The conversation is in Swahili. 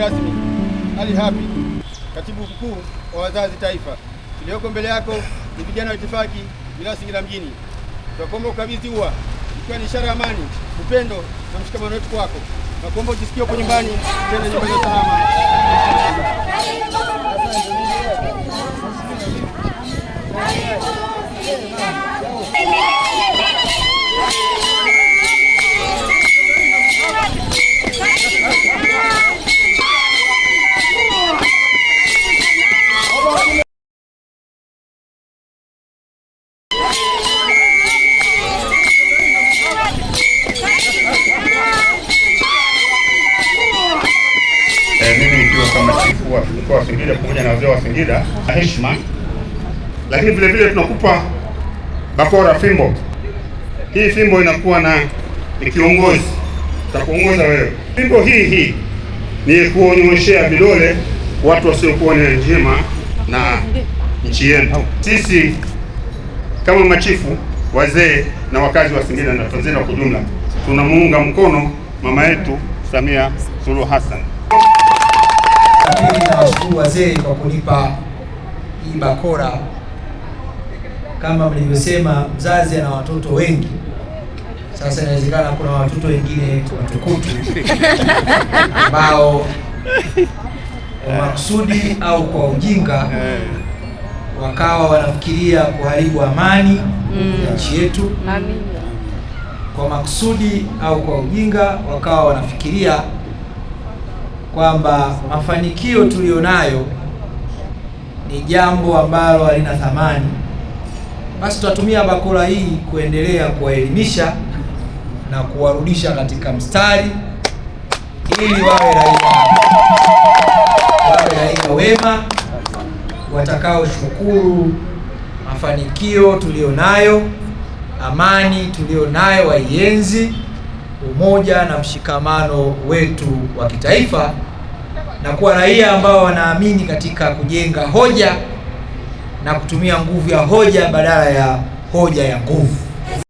rasmi Ali Hapi, katibu mkuu wa wazazi taifa, tulioko mbele yako ni vijana wa itifaki wilaya Singida mjini. Tunakuomba ukabidhi ua ikiwa ni ishara ya amani, upendo na mshikamano wetu kwako. Tunakuomba ujisikie huko nyumbani, tena nyumbani salama. machifu wa mkoa wa Singida pamoja na wazee wa Singida na heshima, lakini vile vile tunakupa bakora fimbo. Hii fimbo inakuwa na ni kiongozi, tutakuongoza wewe. Fimbo hii hii ni kuonyoshea vidole watu wasiokuwa na njema na nchi yetu. Sisi kama machifu, wazee na wakazi wa Singida na Tanzania kwa ujumla tunamuunga mkono mama yetu Samia Suluhu Hassan. Pili, nawashukuru wazee kwa kunipa hii bakora. Kama mlivyosema, mzazi ana watoto wengi. Sasa inawezekana kuna watoto wengine watukutu ambao kwa makusudi au kwa ujinga wakawa wanafikiria kuharibu amani ya nchi yetu. Kwa makusudi au kwa ujinga wakawa wanafikiria kwamba mafanikio tuliyonayo ni jambo ambalo halina thamani, basi tutatumia bakora hii kuendelea kuwaelimisha na kuwarudisha katika mstari ili wawe raia wawe raia wema watakaoshukuru mafanikio tuliyonayo, amani tuliyonayo waienzi umoja na mshikamano wetu wa kitaifa na kuwa raia ambao wanaamini katika kujenga hoja na kutumia nguvu ya hoja badala ya hoja ya nguvu.